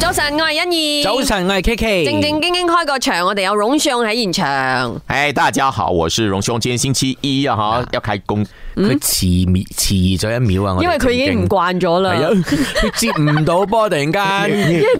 早晨，我係欣怡。早晨，我係 K.K. 正正經經開個場，我哋有榮兄喺現場。誒，hey, 大家好，我是榮兄。今日星期一啊，吓一開工佢遲遲咗一秒啊，因為佢已經唔慣咗啦，佢接唔到波突然間。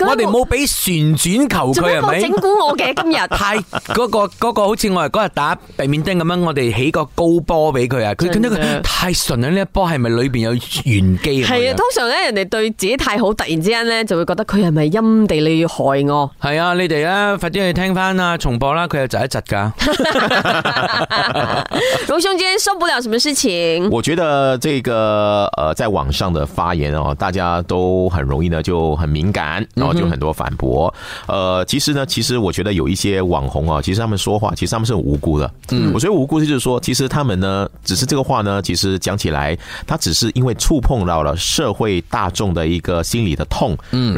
我哋冇俾旋轉球佢整蠱我嘅，今日太嗰個嗰個，好似我哋嗰日打避免燈咁樣，我哋起個高波俾佢啊！佢見到佢太順啦，呢一波係咪裏邊有玄機？係啊，通常咧人哋對自己太好，突然之間咧就會。覺得佢係咪陰地你害我？係啊，你哋啊，快啲去聽翻啊，重播啦，佢又窒一窒噶。榮 兄，今天受不了什麼事情？我覺得這個，誒，在網上的發言哦，大家都很容易呢，就很敏感，然後就很多反駁。Mm hmm. 誒，其實呢，其實我覺得有一些網紅啊，其實他們說話，其實他們是很無辜的。嗯、mm，hmm. 我覺得無辜就是說，其實他們呢，只是這個話呢，其實講起來，他只是因為觸碰到了社會大眾的一個心理的痛。嗯、mm。Hmm.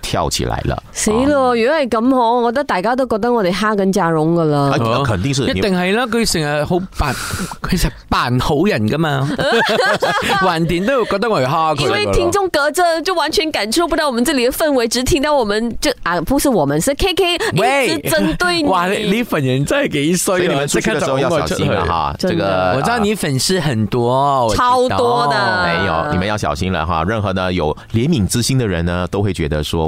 跳起來了，死咯！如果係咁嗬，我覺得大家都覺得我哋蝦緊家榮噶啦，一定係啦，佢成日好扮，佢成日扮好人噶嘛，橫掂都會覺得我哋蝦佢。因為聽眾隔着就完全感受不到我們這裏的氛圍，只聽到我們就啊，不是我們，是 K K，一直針對你，哇你粉人真係幾衰，所以你們追嘅時候要小心了、啊、的哈！這個我知道你粉絲很多，超多的，沒有，嗯、你們要小心了哈！任何呢有憐憫之心的人呢，都會覺得說。